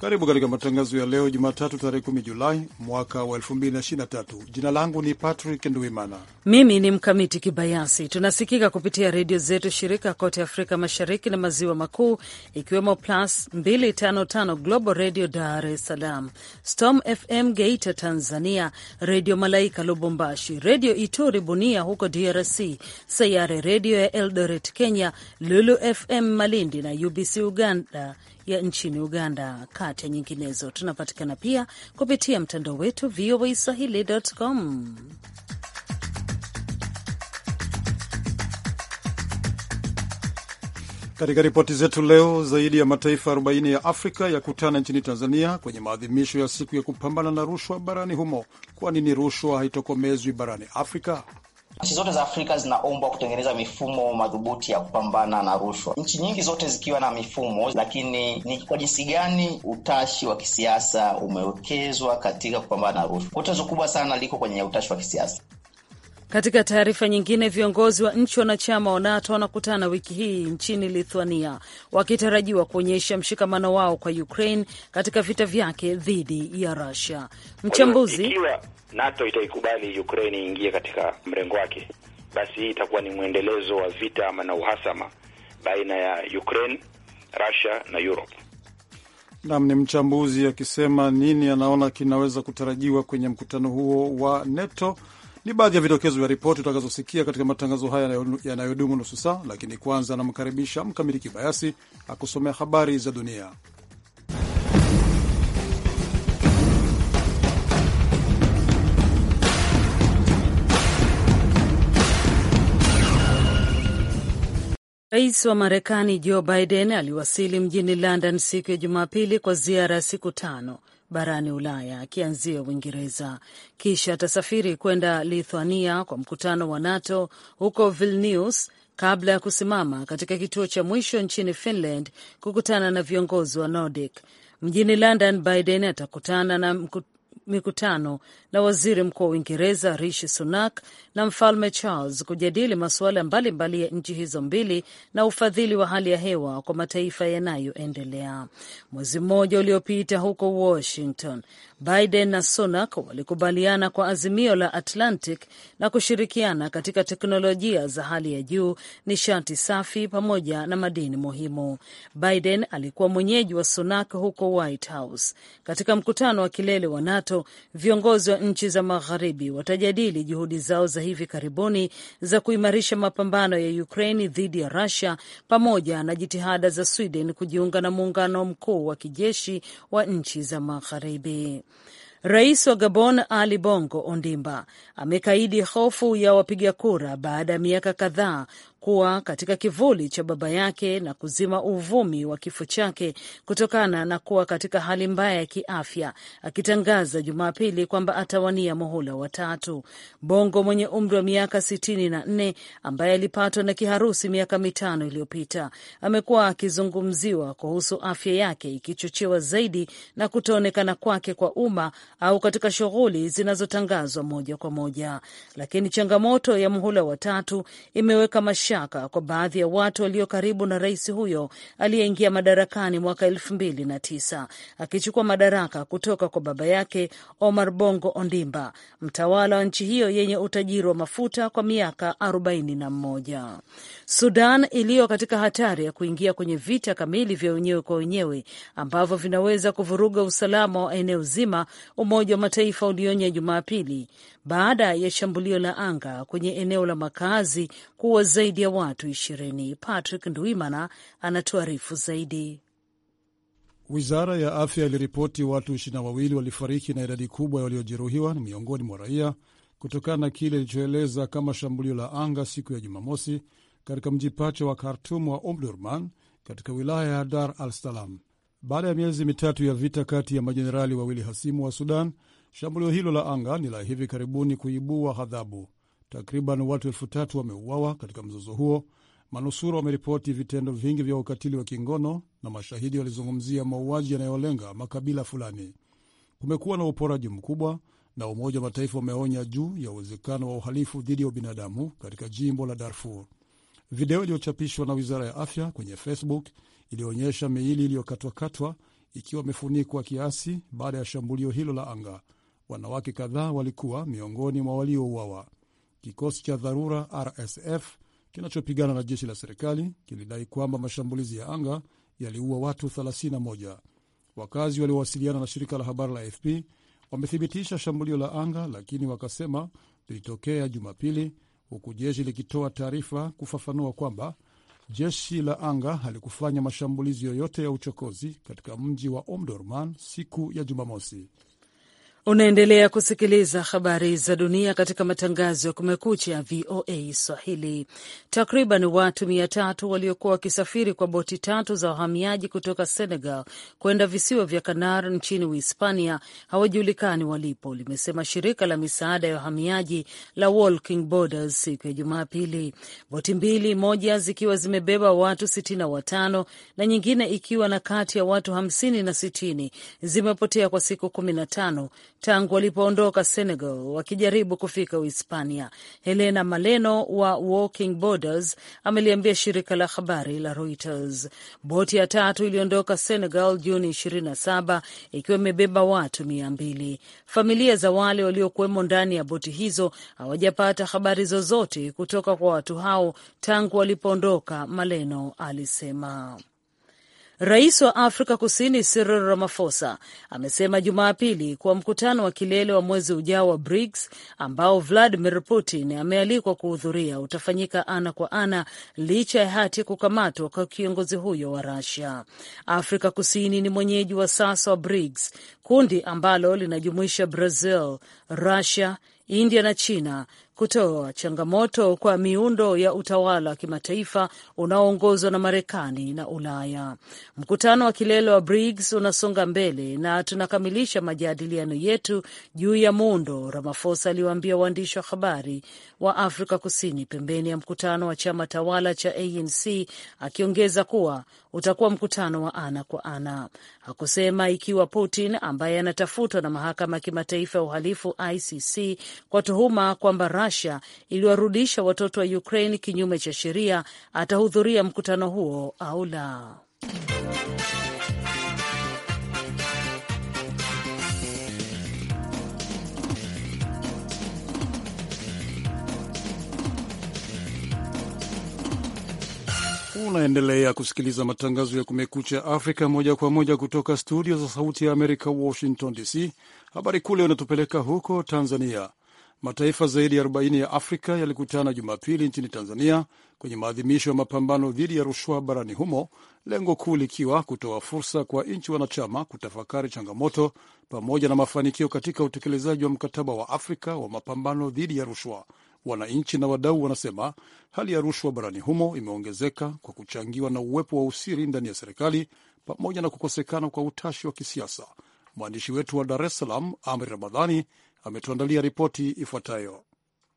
Karibu katika matangazo ya leo Jumatatu tarehe 10 Julai mwaka wa 2023. Jina langu ni Patrick Ndwimana, mimi ni Mkamiti Kibayasi. Tunasikika kupitia redio zetu shirika kote Afrika Mashariki na Maziwa Makuu, ikiwemo Plus 255 Global Radio Dar es Salaam, Storm FM Geita Tanzania, Redio Malaika Lubumbashi, Redio Ituri Bunia huko DRC, Sayare Redio ya Eldoret Kenya, Lulu FM Malindi na UBC Uganda ya nchini Uganda, kati ya nyinginezo. Tunapatikana pia kupitia mtandao wetu VOA Swahili.com. Katika ripoti zetu leo, zaidi ya mataifa 40 ya Afrika yakutana nchini Tanzania kwenye maadhimisho ya siku ya kupambana na rushwa barani humo. Kwa nini rushwa haitokomezwi barani Afrika? Nchi zote za Afrika zinaombwa kutengeneza mifumo madhubuti ya kupambana na rushwa, nchi nyingi zote zikiwa na mifumo, lakini ni kwa jinsi gani utashi wa kisiasa umewekezwa katika kupambana na rushwa? Tatizo kubwa sana liko kwenye utashi wa kisiasa. Katika taarifa nyingine, viongozi wa nchi wanachama wa NATO wanakutana wiki hii nchini Lithuania wakitarajiwa kuonyesha mshikamano wao kwa Ukraine katika vita vyake dhidi ya Russia. Mchambuzi: ikiwa NATO itaikubali Ukraine iingie katika mrengo wake, basi hii itakuwa ni mwendelezo wa vita ama na uhasama baina ya Ukraine, Russia na Europe. Nam ni mchambuzi akisema nini anaona kinaweza kutarajiwa kwenye mkutano huo wa NATO ni baadhi ya vidokezo vya ripoti utakazosikia katika matangazo haya yanayodumu nusu saa, lakini kwanza anamkaribisha Mkamili Kibayasi akusomea habari za dunia. Rais wa Marekani Joe Biden aliwasili mjini London siku ya Jumapili kwa ziara ya siku tano barani Ulaya akianzia Uingereza, kisha atasafiri kwenda Lithuania kwa mkutano wa NATO huko Vilnius kabla ya kusimama katika kituo cha mwisho nchini Finland kukutana na viongozi wa Nordic. Mjini London, Biden atakutana na mkutano na waziri mkuu wa Uingereza Rishi Sunak na mfalme Charles kujadili masuala mbalimbali ya nchi hizo mbili na ufadhili wa hali ya hewa kwa mataifa yanayoendelea. Mwezi mmoja uliopita, huko Washington, Biden na Sunak walikubaliana kwa azimio la Atlantic na kushirikiana katika teknolojia za hali ya juu, nishati safi pamoja na madini muhimu. Biden alikuwa mwenyeji wa Sunak huko White House. Katika mkutano wa kilele wa NATO, viongozi wa nchi za magharibi watajadili juhudi zao za hivi karibuni za kuimarisha mapambano ya Ukraine dhidi ya Russia pamoja na jitihada za Sweden kujiunga na muungano mkuu wa kijeshi wa nchi za magharibi. Rais wa Gabon Ali Bongo Ondimba amekaidi hofu ya wapiga kura baada ya miaka kadhaa kuwa katika kivuli cha baba yake na kuzima uvumi wa kifo chake kutokana na kuwa katika hali mbaya ya kiafya, akitangaza Jumapili kwamba atawania muhula watatu. Bongo mwenye umri wa miaka sitini na nne ambaye alipatwa na kiharusi miaka mitano iliyopita amekuwa akizungumziwa kuhusu afya yake, ikichochewa zaidi na kutoonekana kwake kwa umma au katika shughuli zinazotangazwa moja kwa moja, lakini changamoto ya muhula watatu imeweka mash shaka kwa baadhi ya watu walio karibu na rais huyo aliyeingia madarakani mwaka elfu mbili na tisa akichukua madaraka kutoka kwa baba yake Omar Bongo Ondimba, mtawala wa nchi hiyo yenye utajiri wa mafuta kwa miaka arobaini na mmoja. Sudan iliyo katika hatari ya kuingia kwenye vita kamili vya wenyewe kwa wenyewe ambavyo vinaweza kuvuruga usalama wa eneo zima, Umoja wa Mataifa ulionya Jumapili baada ya shambulio la anga kwenye eneo la makazi kuwa zaidi ya watu ishirini. Patrick Ndwimana anatuarifu zaidi. Wizara ya afya iliripoti watu ishirini na wawili walifariki na idadi kubwa waliojeruhiwa ni miongoni mwa raia kutokana na kile ilichoeleza kama shambulio la anga siku ya Jumamosi katika mji pacha wa Khartum wa Omdurman umm katika wilaya ya Dar al Salam. Baada ya miezi mitatu ya vita kati ya majenerali wawili hasimu wa Sudan, Shambulio hilo la anga ni la hivi karibuni kuibua ghadhabu. Takriban watu elfu tatu wameuawa katika mzozo huo. Manusura wameripoti vitendo vingi vya ukatili wa kingono na mashahidi walizungumzia mauaji yanayolenga makabila fulani. Kumekuwa na uporaji mkubwa, na Umoja wa Mataifa umeonya juu ya uwezekano wa uhalifu dhidi ya ubinadamu katika jimbo la Darfur. Video iliyochapishwa na wizara ya afya kwenye Facebook iliyoonyesha miili iliyokatwakatwa ikiwa imefunikwa kiasi baada ya shambulio hilo la anga. Wanawake kadhaa walikuwa miongoni mwa waliouawa. Kikosi cha dharura RSF kinachopigana na jeshi la serikali kilidai kwamba mashambulizi ya anga yaliua watu 31. Wakazi waliowasiliana na shirika la habari la AFP wamethibitisha shambulio la anga, lakini wakasema lilitokea Jumapili, huku jeshi likitoa taarifa kufafanua kwamba jeshi la anga halikufanya mashambulizi yoyote ya uchokozi katika mji wa Omdurman siku ya Jumamosi. Unaendelea kusikiliza habari za dunia katika matangazo ya kumekucha VOA Swahili. Takriban watu mia tatu waliokuwa wakisafiri kwa boti tatu za wahamiaji kutoka Senegal kwenda visiwa vya Kanar nchini Uhispania hawajulikani walipo, limesema shirika la misaada ya wahamiaji la Walking Borders siku ya Jumapili. Boti mbili, moja zikiwa zimebeba watu sitini na watano na nyingine ikiwa na kati ya watu hamsini na sitini zimepotea kwa siku kumi na tano tangu walipoondoka Senegal wakijaribu kufika Uhispania. Helena Maleno wa Walking Borders ameliambia shirika la habari la Reuters boti ya tatu iliondoka Senegal Juni 27 ikiwa imebeba watu mia mbili. Familia za wale waliokuwemo ndani ya boti hizo hawajapata habari zozote kutoka kwa watu hao tangu walipoondoka, Maleno alisema. Rais wa Afrika Kusini Cyril Ramaphosa amesema Jumapili kuwa mkutano wa kilele wa mwezi ujao wa BRICS ambao Vladimir Putin amealikwa kuhudhuria utafanyika ana kwa ana licha ya hati kukamatwa kwa kiongozi huyo wa Russia. Afrika Kusini ni mwenyeji wa sasa wa BRICS, kundi ambalo linajumuisha Brazil, Russia, India na China kutoa changamoto kwa miundo ya utawala wa kimataifa unaoongozwa na Marekani na Ulaya. Mkutano wa kilele wa BRICS unasonga mbele na tunakamilisha majadiliano yetu juu ya muundo, ramafosa aliwaambia waandishi wa habari wa Afrika Kusini pembeni ya mkutano wa chama tawala cha ANC, akiongeza kuwa utakuwa mkutano wa ana kwa ana. Hakusema ikiwa Putin ambaye anatafutwa na mahakama ya kimataifa ya uhalifu ICC kwa tuhuma kwamba Russia iliwarudisha watoto wa Ukraine kinyume cha sheria atahudhuria mkutano huo au la. Unaendelea kusikiliza matangazo ya Kumekucha Afrika moja kwa moja kutoka studio za Sauti ya Amerika, Washington DC. Habari kule unatupeleka huko Tanzania. Mataifa zaidi ya 40 ya Afrika yalikutana Jumapili nchini Tanzania kwenye maadhimisho ya mapambano dhidi ya rushwa barani humo, lengo kuu likiwa kutoa fursa kwa nchi wanachama kutafakari changamoto pamoja na mafanikio katika utekelezaji wa mkataba wa Afrika wa mapambano dhidi ya rushwa. Wananchi na wadau wanasema hali ya rushwa barani humo imeongezeka kwa kuchangiwa na uwepo wa usiri ndani ya serikali pamoja na kukosekana kwa utashi wa kisiasa. Mwandishi wetu wa Dar es Salaam, Amri Ramadhani, ametuandalia ripoti ifuatayo.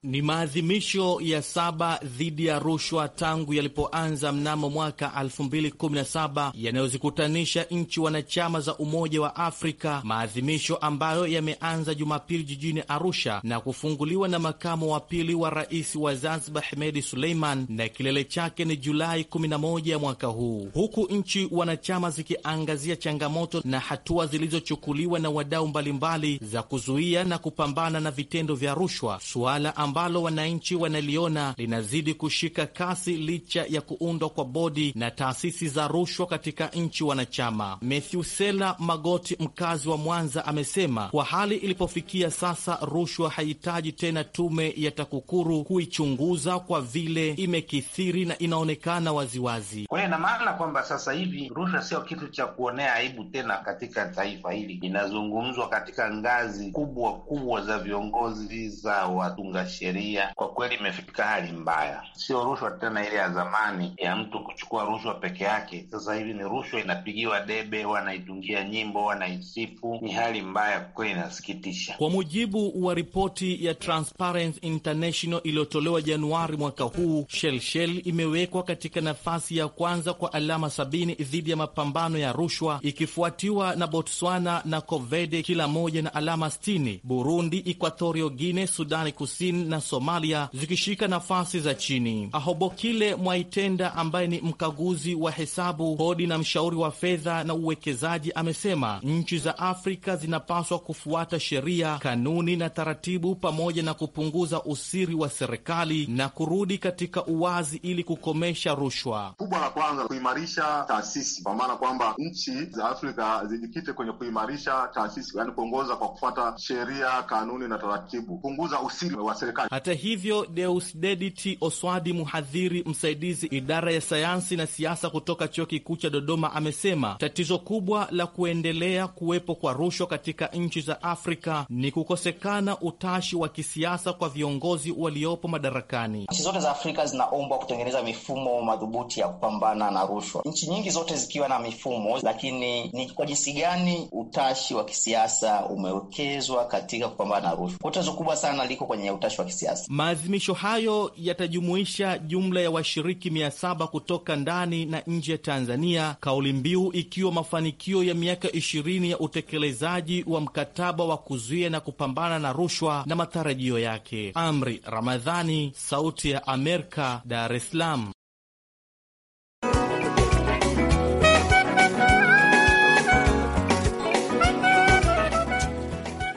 Ni maadhimisho ya saba dhidi ya rushwa tangu yalipoanza mnamo mwaka 2017 yanayozikutanisha nchi wanachama za Umoja wa Afrika, maadhimisho ambayo yameanza Jumapili jijini Arusha na kufunguliwa na makamu wa pili wa rais wa Zanzibar Hemedi Suleiman, na kilele chake ni Julai 11 mwaka huu, huku nchi wanachama zikiangazia changamoto na hatua zilizochukuliwa na wadau mbalimbali za kuzuia na kupambana na vitendo vya rushwa, suala ambalo wananchi wanaliona linazidi kushika kasi licha ya kuundwa kwa bodi na taasisi za rushwa katika nchi wanachama. Methusela Sela Magoti, mkazi wa Mwanza, amesema kwa hali ilipofikia sasa, rushwa haihitaji tena tume ya TAKUKURU kuichunguza kwa vile imekithiri na inaonekana waziwazi. Kwa hiyo ina maana kwamba sasa hivi rushwa sio kitu cha kuonea aibu tena katika taifa hili, inazungumzwa katika ngazi kubwa kubwa za viongozi za watungashi sheria kwa kweli imefika hali mbaya, sio rushwa tena ile ya zamani ya mtu kuchukua rushwa peke yake. Sasa hivi ni rushwa inapigiwa debe, wanaitungia nyimbo, wanaisifu. Ni hali mbaya kweli, inasikitisha. Kwa mujibu wa ripoti ya Transparency International iliyotolewa Januari mwaka huu, Shelshel imewekwa katika nafasi ya kwanza kwa alama sabini dhidi ya mapambano ya rushwa ikifuatiwa na Botswana na Covede kila moja na alama sitini, Burundi, Equatorio Guine, Sudani Kusini na Somalia zikishika nafasi za chini. Ahobokile Mwaitenda ambaye ni mkaguzi wa hesabu, kodi na mshauri wa fedha na uwekezaji amesema nchi za Afrika zinapaswa kufuata sheria, kanuni na taratibu, pamoja na kupunguza usiri wa serikali na kurudi katika uwazi ili kukomesha rushwa. Kubwa la kwanza kuimarisha taasisi, kwa maana kwamba nchi za Afrika zijikite kwenye kuimarisha taasisi, yaani kuongoza kwa kufuata sheria, kanuni na taratibu, kupunguza usiri wa serikali serikali. Hata hivyo, Deusdedit Oswadi, mhadhiri msaidizi idara ya sayansi na siasa kutoka chuo kikuu cha Dodoma, amesema tatizo kubwa la kuendelea kuwepo kwa rushwa katika nchi za Afrika ni kukosekana utashi wa kisiasa kwa viongozi waliopo madarakani. Nchi zote za Afrika zinaombwa kutengeneza mifumo madhubuti ya kupambana na rushwa, nchi nyingi zote zikiwa na mifumo, lakini ni kwa jinsi gani utashi wa kisiasa umewekezwa katika kupambana na rushwa? Tatizo kubwa sana liko kwenye utashi wa kisiasa. Maadhimisho hayo yatajumuisha jumla ya washiriki mia saba kutoka ndani na nje ya Tanzania, kauli mbiu ikiwa mafanikio ya miaka ishirini ya utekelezaji wa mkataba wa kuzuia na kupambana na rushwa na matarajio yake. Amri Ramadhani, Sauti ya Amerika, Dar es Salaam.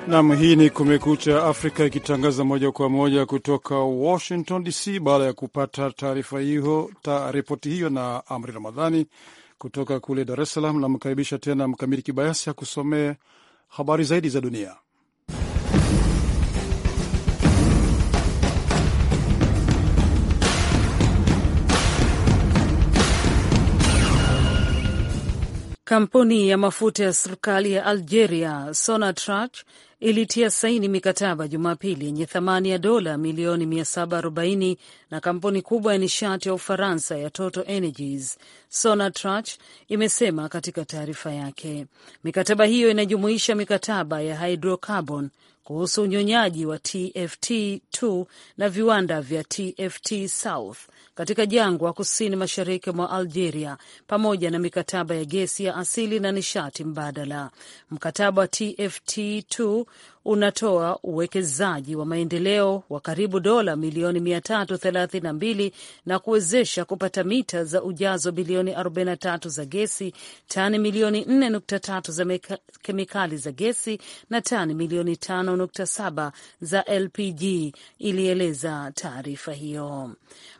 Nam, hii ni Kumekucha Afrika ikitangaza moja kwa moja kutoka Washington DC. Baada ya kupata taarifa hiyo, ta ripoti hiyo na Amri Ramadhani kutoka kule Dar es Salaam, namkaribisha tena Mkamiri Kibayasi akusomee habari zaidi za dunia. Kampuni ya mafuta ya serikali ya Algeria Sonatrach ilitia saini mikataba Jumapili yenye thamani ya dola milioni 740 na kampuni kubwa ya nishati ya Ufaransa ya Total Energies, Sonatrach imesema katika taarifa yake. Mikataba hiyo inajumuisha mikataba ya hydrocarbon kuhusu unyonyaji wa TFT2 na viwanda vya TFT South katika jangwa kusini mashariki mwa Algeria, pamoja na mikataba ya gesi ya asili na nishati mbadala. Mkataba wa TFT2 unatoa uwekezaji wa maendeleo wa karibu dola milioni 332 na kuwezesha kupata mita za ujazo bilioni 43 za gesi, tani milioni 4.3 za kemikali za gesi na tani milioni 5.7 za LPG, ilieleza taarifa hiyo.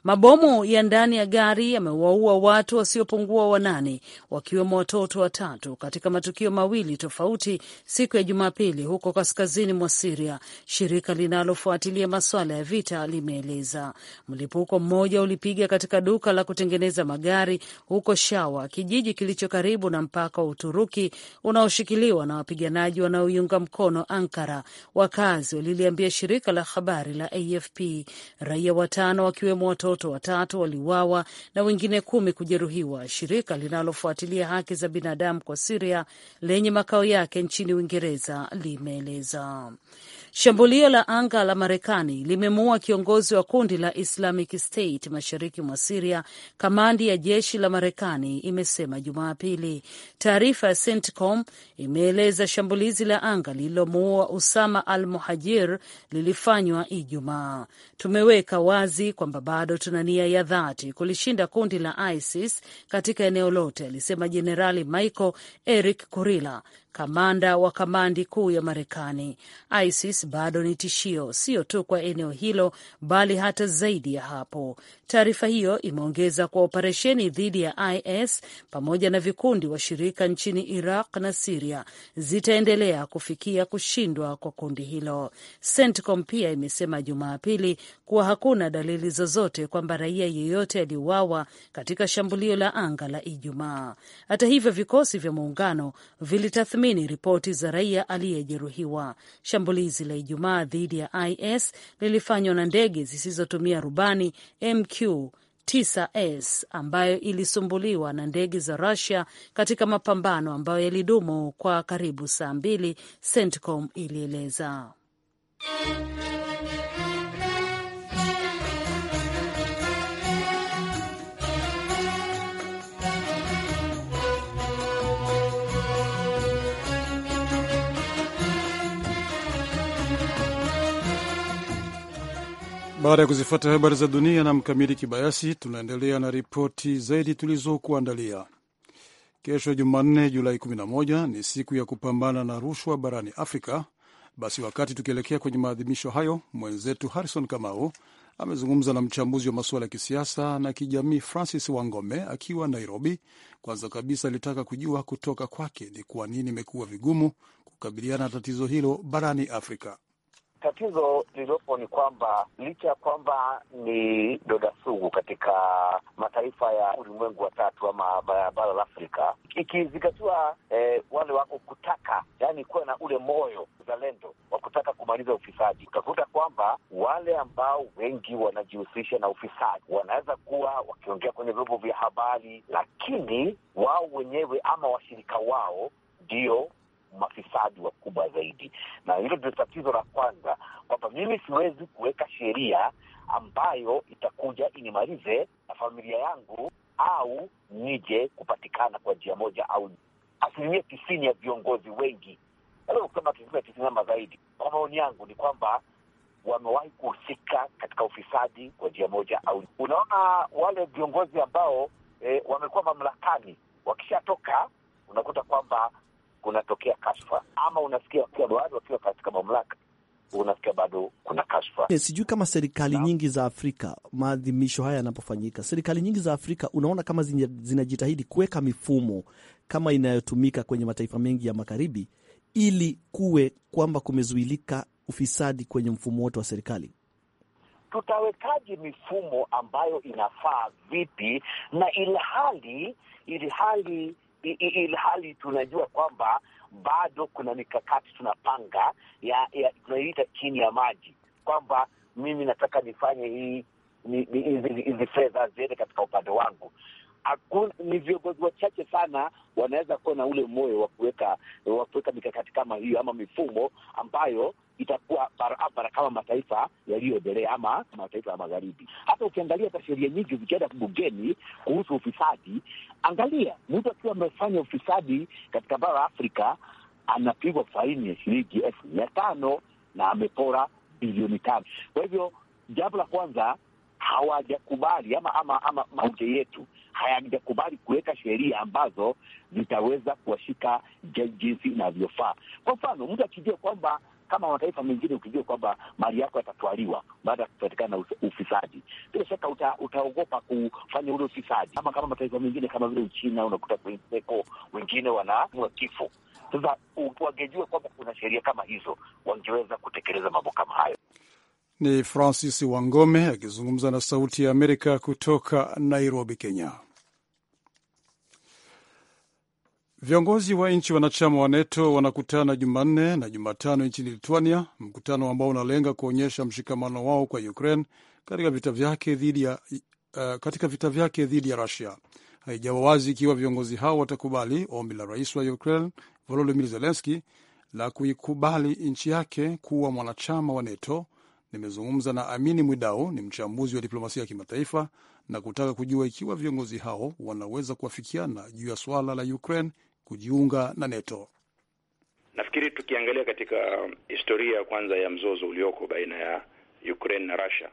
Mabomu ya ndani ya gari yamewaua watu wasiopungua wanane wakiwemo watoto watatu katika matukio mawili tofauti siku ya Jumapili huko kaskazini kaskazini mwa Siria, shirika linalofuatilia masuala ya vita limeeleza. Mlipuko mmoja ulipiga katika duka la kutengeneza magari huko Shawa, kijiji kilicho karibu na mpaka wa Uturuki unaoshikiliwa na wapiganaji wanaoiunga mkono Ankara, wakazi waliliambia shirika la habari la AFP. Raia watano wakiwemo watoto watatu waliuawa na wengine kumi kujeruhiwa. Shirika linalofuatilia haki za binadamu kwa Siria lenye makao yake nchini Uingereza limeeleza Shambulio la anga la Marekani limemuua kiongozi wa kundi la Islamic State mashariki mwa Siria, kamandi ya jeshi la Marekani imesema Jumapili. Taarifa ya CENTCOM imeeleza shambulizi la anga lililomuua Usama al Muhajir lilifanywa Ijumaa. Tumeweka wazi kwamba bado tuna nia ya dhati kulishinda kundi la ISIS katika eneo lote, alisema Jenerali Michael Eric Kurila, kamanda wa kamandi kuu ya Marekani. ISIS bado ni tishio, sio tu kwa eneo hilo, bali hata zaidi ya hapo. Taarifa hiyo imeongeza kwa operesheni dhidi ya IS pamoja na vikundi washirika nchini Iraq na Siria zitaendelea kufikia kushindwa kwa kundi hilo. CENTCOM pia imesema Jumapili kuwa hakuna dalili zozote kwamba raia yeyote aliuawa katika shambulio la anga la Ijumaa. Hata hivyo, vikosi vya muungano vilitathmini kuamini ripoti za raia aliyejeruhiwa. Shambulizi la Ijumaa dhidi ya IS lilifanywa na ndege zisizotumia rubani MQ 9S ambayo ilisumbuliwa na ndege za rusia katika mapambano ambayo yalidumu kwa karibu saa mbili, CENTCOM ilieleza. Baada ya kuzifuata habari za dunia na Mkamili Kibayasi, tunaendelea na ripoti zaidi tulizokuandalia. Kesho Jumanne, Julai 11 ni siku ya kupambana na rushwa barani Afrika. Basi wakati tukielekea kwenye maadhimisho hayo, mwenzetu Harrison Kamau amezungumza na mchambuzi wa masuala ya kisiasa na kijamii Francis Wangome akiwa Nairobi. Kwanza kabisa alitaka kujua kutoka kwake ni kwa nini imekuwa vigumu kukabiliana na tatizo hilo barani Afrika. Tatizo lililopo ni kwamba licha ya kwamba ni doda sugu katika mataifa ya ulimwengu wa tatu ama bara la Afrika, ikizingatiwa eh, wale wako kutaka, yani kuwa na ule moyo uzalendo wa kutaka kumaliza ufisadi, utakuta kwamba wale ambao wengi wanajihusisha na ufisadi wanaweza kuwa wakiongea kwenye vyombo vya habari, lakini wao wenyewe ama washirika wao ndio mafisadi wakubwa zaidi, na hilo ndio tatizo la kwanza, kwamba mimi siwezi kuweka sheria ambayo itakuja inimalize na familia yangu au nije kupatikana kwa njia moja au asilimia tisini ya viongozi wengi, kama asilimia tisini ama zaidi, kwa maoni yangu ni kwamba wamewahi kuhusika katika ufisadi kwa njia moja au. Unaona wale viongozi ambao e, wamekuwa mamlakani, wakishatoka unakuta kwamba kunatokea kashfa, ama unasikia wakiwa bado wakiwa katika mamlaka unasikia bado kuna kashfa. Eh, sijui kama serikali nyingi za Afrika, maadhimisho haya yanapofanyika, serikali nyingi za Afrika unaona kama zinajitahidi kuweka mifumo kama inayotumika kwenye mataifa mengi ya magharibi ili kuwe kwamba kumezuilika ufisadi kwenye mfumo wote wa serikali. Tutawekaji mifumo ambayo inafaa vipi, na ilhali ilhali ilhali tunajua kwamba bado kuna mikakati tunapanga ya, ya tunaita chini ya maji, kwamba mimi nataka nifanye hii hizi fedha ziende katika upande wangu, hakuna, ni viongozi wachache sana wanaweza kuwa na ule moyo wa kuweka wa kuweka mikakati kama hiyo ama mifumo ambayo itakuwa barabara kama mataifa yaliyoendelea ama mataifa ya magharibi. Hata ukiangalia hata sheria nyingi zikienda bungeni kuhusu ufisadi, angalia mtu akiwa amefanya ufisadi katika bara Afrika anapigwa faini ya shilingi elfu mia tano na amepora bilioni tano. Kwa hivyo jambo la kwanza hawajakubali ama ama ama mauke yetu hayajakubali kuweka sheria ambazo zitaweza kuwashika jinsi inavyofaa. Kwa mfano, mtu akijua kwamba kama mataifa mengine, ukijua kwamba mali yako yatatwaliwa baada ya kupatikana na ufisadi, bila shaka uta, utaogopa kufanya ule ufisadi. Ama kama mataifa mengine kama vile Uchina, unakuta kwingineko wengine wanaamua kifo. Sasa wangejua kwamba kuna sheria kama hizo, wangeweza kutekeleza mambo kama hayo. Ni Francis Wangome akizungumza na Sauti ya Amerika kutoka Nairobi, Kenya. Viongozi wa nchi wanachama wa NATO wanakutana Jumanne na Jumatano nchini Lituania, mkutano ambao unalenga kuonyesha mshikamano wao kwa Ukraine katika vita vyake dhidi ya, uh, katika vita vyake dhidi ya Rusia. Haijawa wazi ikiwa viongozi hao watakubali ombi la rais wa Ukraine volodimir Zelenski la kuikubali nchi yake kuwa mwanachama wa NATO. Nimezungumza na Amini Mwidau, ni mchambuzi wa diplomasia ya kimataifa, na kutaka kujua ikiwa viongozi hao wanaweza kuafikiana juu ya suala la Ukraine kujiunga na NATO. Nafikiri tukiangalia katika um, historia kwanza ya mzozo ulioko baina ya Ukraine na Russia,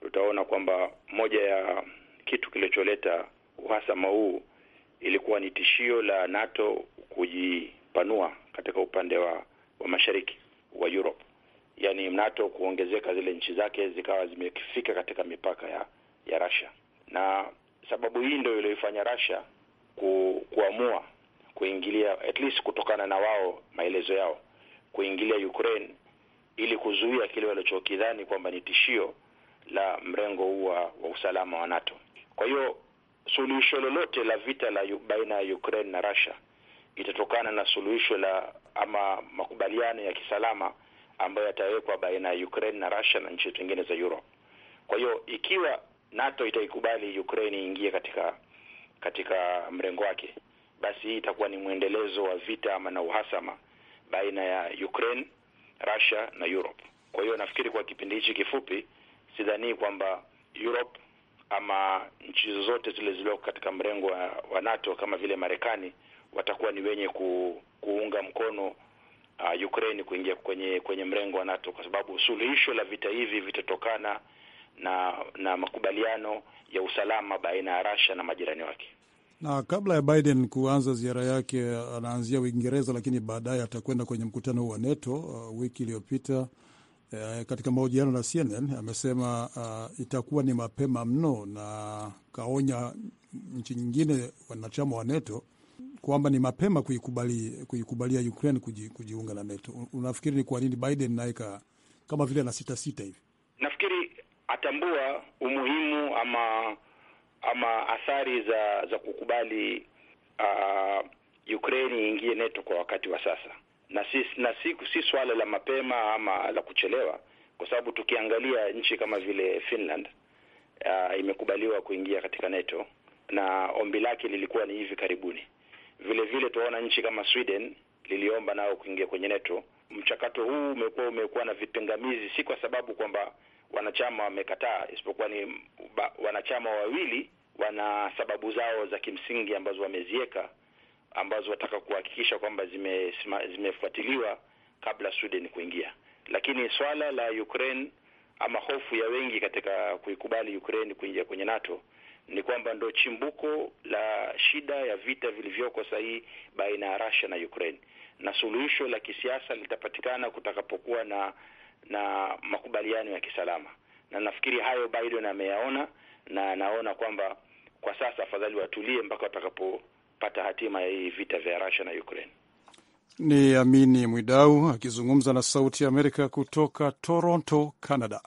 tutaona kwamba moja ya kitu kilicholeta uhasama huu ilikuwa ni tishio la NATO kujipanua katika upande wa, wa mashariki wa Europe, yaani NATO kuongezeka, zile nchi zake zikawa zimefika katika mipaka ya ya Russia, na sababu hii ndio iliyoifanya Russia ku, kuamua kuingilia at least kutokana na wao maelezo yao kuingilia Ukraine ili kuzuia kile walichokidhani kwamba ni tishio la mrengo huu wa usalama wa NATO. Kwa hiyo suluhisho lolote la vita la baina ya Ukraine na Russia itatokana na suluhisho la ama makubaliano ya kisalama ambayo yatawekwa baina ya Ukraine na Russia na nchi zingine za Europe. Kwa hiyo ikiwa NATO itaikubali Ukraine iingie katika katika mrengo wake, basi hii itakuwa ni mwendelezo wa vita ama na uhasama baina ya Ukraine, Russia na Europe. Kwa hiyo nafikiri kwa kipindi hichi kifupi, sidhanii kwamba Europe ama nchi zozote zile zilizoko katika mrengo wa, wa NATO kama vile Marekani watakuwa ni wenye ku, kuunga mkono uh, Ukraine kuingia kwenye kwenye mrengo wa NATO kwa sababu suluhisho la vita hivi vitatokana na na makubaliano ya usalama baina ya Russia na majirani wake. Na kabla ya Biden kuanza ziara yake, anaanzia Uingereza, lakini baadaye atakwenda kwenye mkutano huu wa NATO. Uh, wiki iliyopita uh, katika mahojiano na CNN amesema uh, itakuwa ni mapema mno, na kaonya nchi nyingine wanachama wa NATO kwamba ni mapema kuikubali, kuikubalia Ukraine kuji, kujiunga na NATO. Unafikiri ni kwa nini Biden naye kama vile na sita sita hivi? Nafikiri atambua umuhimu ama ama athari za za kukubali uh, Ukraine iingie NATO kwa wakati wa sasa, na si na si, si swala la mapema ama la kuchelewa, kwa sababu tukiangalia nchi kama vile Finland uh, imekubaliwa kuingia katika NATO na ombi lake lilikuwa ni hivi karibuni. Vile vile tuona nchi kama Sweden liliomba nao kuingia kwenye NATO. Mchakato huu umekuwa umekuwa na vipingamizi, si kwa sababu kwamba wanachama wamekataa, isipokuwa ni wanachama wawili wana sababu zao za kimsingi ambazo wameziweka, ambazo wataka kuhakikisha kwamba zimefuatiliwa zime kabla Sweden kuingia. Lakini swala la Ukraine ama hofu ya wengi katika kuikubali Ukraine kuingia kwenye NATO ni kwamba ndo chimbuko la shida ya vita vilivyoko sasa hivi baina ya Russia na Ukraine, na suluhisho la kisiasa litapatikana kutakapokuwa na na makubaliano ya kisalama, na nafikiri hayo Biden ameyaona na anaona kwamba kwa sasa afadhali watulie mpaka watakapopata hatima ya hii vita vya Russia na Ukraine. Ni Amini Mwidau akizungumza na Sauti ya Amerika kutoka Toronto, Canada.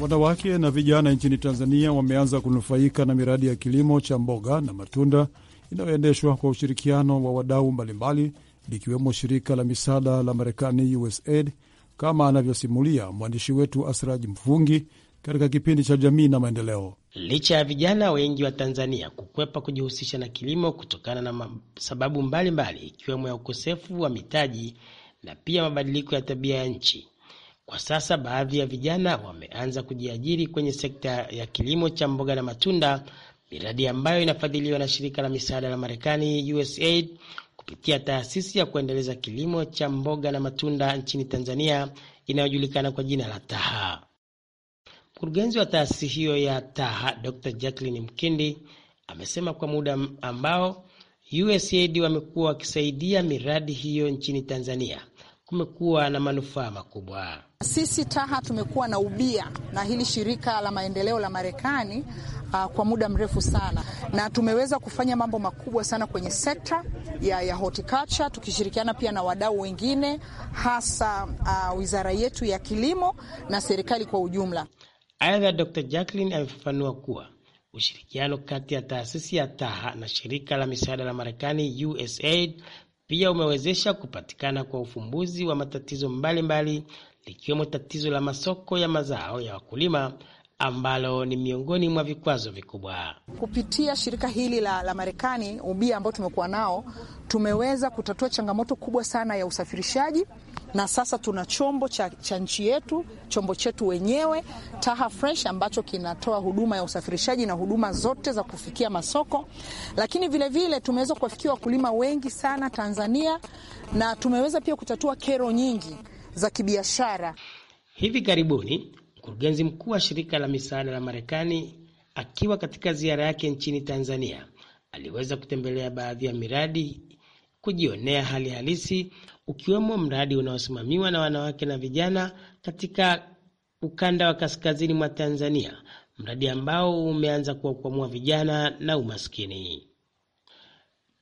Wanawake na vijana nchini Tanzania wameanza kunufaika na miradi ya kilimo cha mboga na matunda inayoendeshwa kwa ushirikiano wa wadau mbalimbali likiwemo shirika la misaada la Marekani, USAID, kama anavyosimulia mwandishi wetu Asraji Mfungi katika kipindi cha Jamii na Maendeleo. Licha ya vijana wengi wa Tanzania kukwepa kujihusisha na kilimo kutokana na sababu mbalimbali, ikiwemo ya ukosefu wa mitaji na pia mabadiliko ya tabia ya nchi kwa sasa baadhi ya vijana wameanza kujiajiri kwenye sekta ya kilimo cha mboga na matunda, miradi ambayo inafadhiliwa na shirika la misaada la Marekani USAID kupitia taasisi ya kuendeleza kilimo cha mboga na matunda nchini Tanzania inayojulikana kwa jina la TAHA. Mkurugenzi wa taasisi hiyo ya TAHA Dr. Jacqueline Mkindi amesema kwa muda ambao USAID wamekuwa wakisaidia miradi hiyo nchini Tanzania kumekuwa na manufaa makubwa. Sisi TAHA tumekuwa na ubia na hili shirika la maendeleo la Marekani uh, kwa muda mrefu sana, na tumeweza kufanya mambo makubwa sana kwenye sekta ya, ya horticulture tukishirikiana pia na wadau wengine, hasa uh, wizara yetu ya kilimo na serikali kwa ujumla. Aidha, Dr. Jacqueline amefafanua kuwa ushirikiano kati ya taasisi ya TAHA na shirika la misaada la Marekani USAID pia umewezesha kupatikana kwa ufumbuzi wa matatizo mbalimbali likiwemo tatizo la masoko ya mazao ya wakulima ambalo ni miongoni mwa vikwazo vikubwa. Kupitia shirika hili la, la Marekani ubia ambao tumekuwa nao, tumeweza kutatua changamoto kubwa sana ya usafirishaji, na sasa tuna chombo cha, cha nchi yetu, chombo chetu wenyewe Taha Fresh ambacho kinatoa huduma ya usafirishaji na huduma zote za kufikia masoko. Lakini vilevile tumeweza kuwafikia wakulima wengi sana Tanzania, na tumeweza pia kutatua kero nyingi za kibiashara hivi karibuni Mkurugenzi mkuu wa shirika la misaada la Marekani akiwa katika ziara yake nchini Tanzania aliweza kutembelea baadhi ya miradi kujionea hali halisi, ukiwemo mradi unaosimamiwa na wanawake na vijana katika ukanda wa kaskazini mwa Tanzania, mradi ambao umeanza kuwakwamua vijana na umaskini.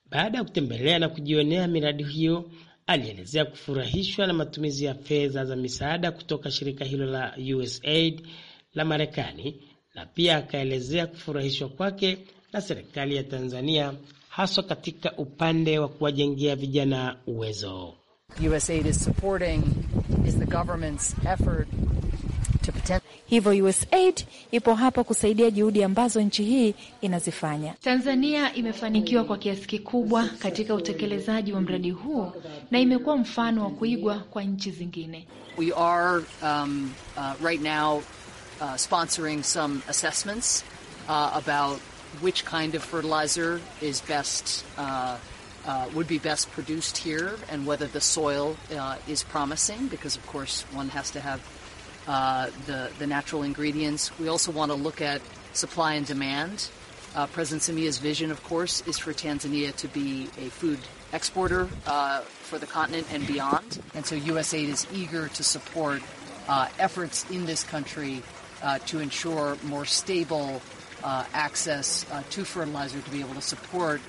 Baada ya kutembelea na kujionea miradi hiyo, alielezea kufurahishwa na matumizi ya fedha za misaada kutoka shirika hilo la USAID la Marekani na pia akaelezea kufurahishwa kwake na serikali ya Tanzania haswa katika upande wa kuwajengea vijana uwezo. USAID is supporting is the government's effort Hivyo USAID ipo hapa kusaidia juhudi ambazo nchi hii inazifanya. Tanzania imefanikiwa kwa kiasi kikubwa katika utekelezaji wa mradi huo na imekuwa mfano wa kuigwa kwa nchi zingine. We are, um, uh, right now, uh, sponsoring some assessments, uh, about which kind of fertilizer is best, uh, Uh, would be best produced here and whether the soil uh, is promising because of course one has to have uh, the, the natural ingredients. We also want to look at supply and demand. Uh, President Samia's vision, of course, is for Tanzania to be a food exporter uh, for the continent and beyond. And so USAID is eager to support uh, efforts in this country uh, to ensure more stable uh, access to fertilizer to be able to support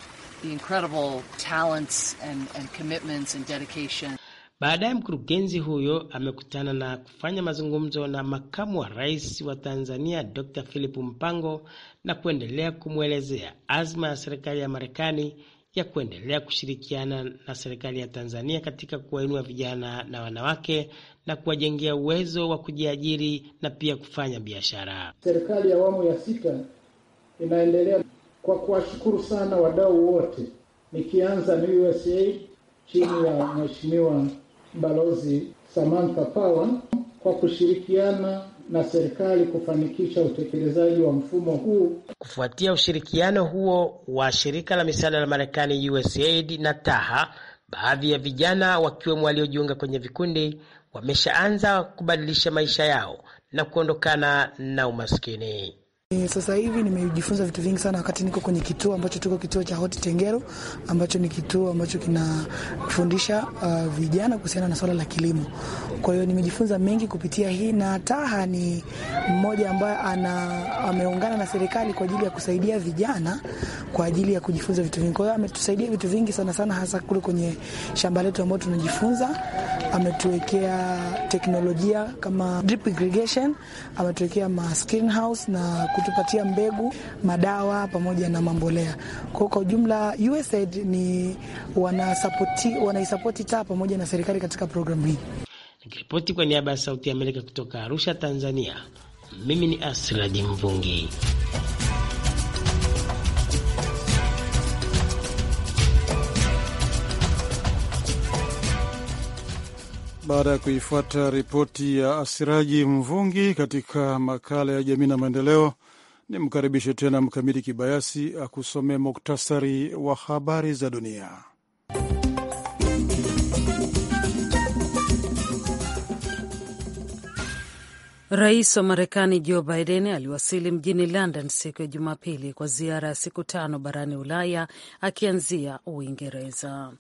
the incredible talents and, and commitments and dedication Baadaye mkurugenzi huyo amekutana na kufanya mazungumzo na makamu wa rais wa Tanzania Dr. Philip Mpango na kuendelea kumwelezea azma ya serikali ya Marekani ya kuendelea kushirikiana na serikali ya Tanzania katika kuwainua vijana na wanawake na kuwajengea uwezo wa kujiajiri na pia kufanya biashara. Serikali ya awamu ya sita inaendelea kwa kuwashukuru sana wadau wote, nikianza na USA chini ya Mheshimiwa Balozi Samantha Power kwa kushirikiana na serikali kufanikisha utekelezaji wa mfumo huu. Kufuatia ushirikiano huo wa shirika la misaada la Marekani USAID na TAHA, baadhi ya vijana wakiwemo waliojiunga kwenye vikundi wameshaanza kubadilisha maisha yao na kuondokana na umaskini. E, sasa hivi nimejifunza vitu vingi sana wakati niko kwenye kituo ambacho tuko kituo cha Hoti Tengero ambacho ni kituo ambacho kinafundisha uh, vijana kuhusiana na swala la kilimo. Kwa hiyo nimejifunza mengi kupitia hii, na Taha ni mmoja ambaye ameungana na serikali kwa ajili ya kusaidia vijana kwa ajili ya kujifunza vitu vingi. Kwa hiyo ametusaidia vitu vingi sana sana, hasa kule kwenye shamba letu ambao tunajifunza. Ametuwekea teknolojia kama drip irrigation, ametuwekea ma screen house na kutupatia mbegu, madawa pamoja na mambolea. Kwa kwa ujumla USAID ni wanaisapoti wanaisapoti taa pamoja na serikali katika programu hii. Nikiripoti kwa niaba ya Sauti ya Amerika kutoka Arusha, Tanzania, mimi ni Asraji Mvungi. Baada ya kuifuata ripoti ya Asiraji Mvungi katika makala ya jamii na maendeleo, Nimkaribishe tena Mkamiti Kibayasi akusomee muktasari wa habari za dunia. Rais wa Marekani Joe Biden aliwasili mjini London siku ya Jumapili kwa ziara ya siku tano barani Ulaya, akianzia Uingereza.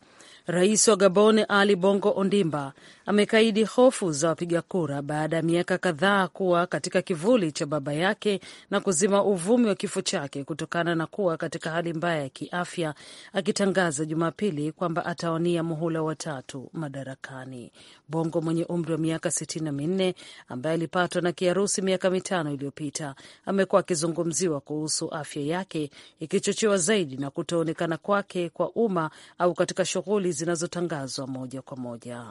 Rais wa Gabon Ali Bongo Ondimba amekaidi hofu za wapiga kura baada ya miaka kadhaa kuwa katika kivuli cha baba yake na kuzima uvumi wa kifo chake kutokana na kuwa katika hali mbaya ya kiafya, akitangaza Jumapili kwamba atawania muhula watatu madarakani. Bongo mwenye umri wa miaka sitini na minne ambaye alipatwa na kiharusi miaka mitano iliyopita amekuwa akizungumziwa kuhusu afya yake, ikichochewa zaidi na kutoonekana kwake kwa umma au katika shughuli zinazotangazwa moja kwa moja.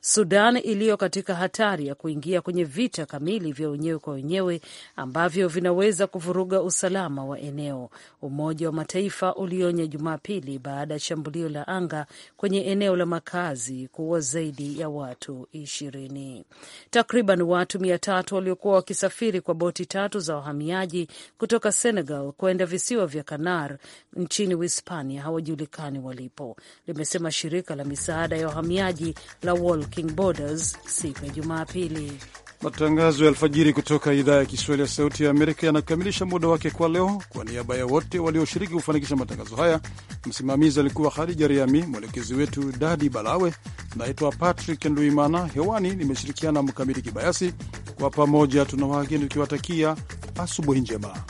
Sudan iliyo katika hatari ya kuingia kwenye vita kamili vya wenyewe kwa wenyewe ambavyo vinaweza kuvuruga usalama wa eneo, Umoja wa Mataifa ulionya Jumapili baada ya shambulio la anga kwenye eneo la makazi kuua zaidi ya watu ishirini. Takriban watu mia tatu waliokuwa wakisafiri kwa boti tatu za wahamiaji kutoka Senegal kwenda visiwa vya Kanar nchini Uhispania hawajulikani walipo, limesema shirika la misaada ya wahamiaji la Walking Borders siku ya Jumapili. Matangazo ya alfajiri kutoka idhaa ya Kiswahili ya Sauti ya Amerika yanakamilisha muda wake kwa leo. Kwa niaba ya wote walioshiriki kufanikisha matangazo haya, msimamizi alikuwa Khadija Riami, mwelekezi wetu Dadi Balawe. Naitwa Patrick Nduimana, hewani nimeshirikiana Mkamiti Kibayasi. Kwa pamoja tuna wageni tukiwatakia asubuhi njema.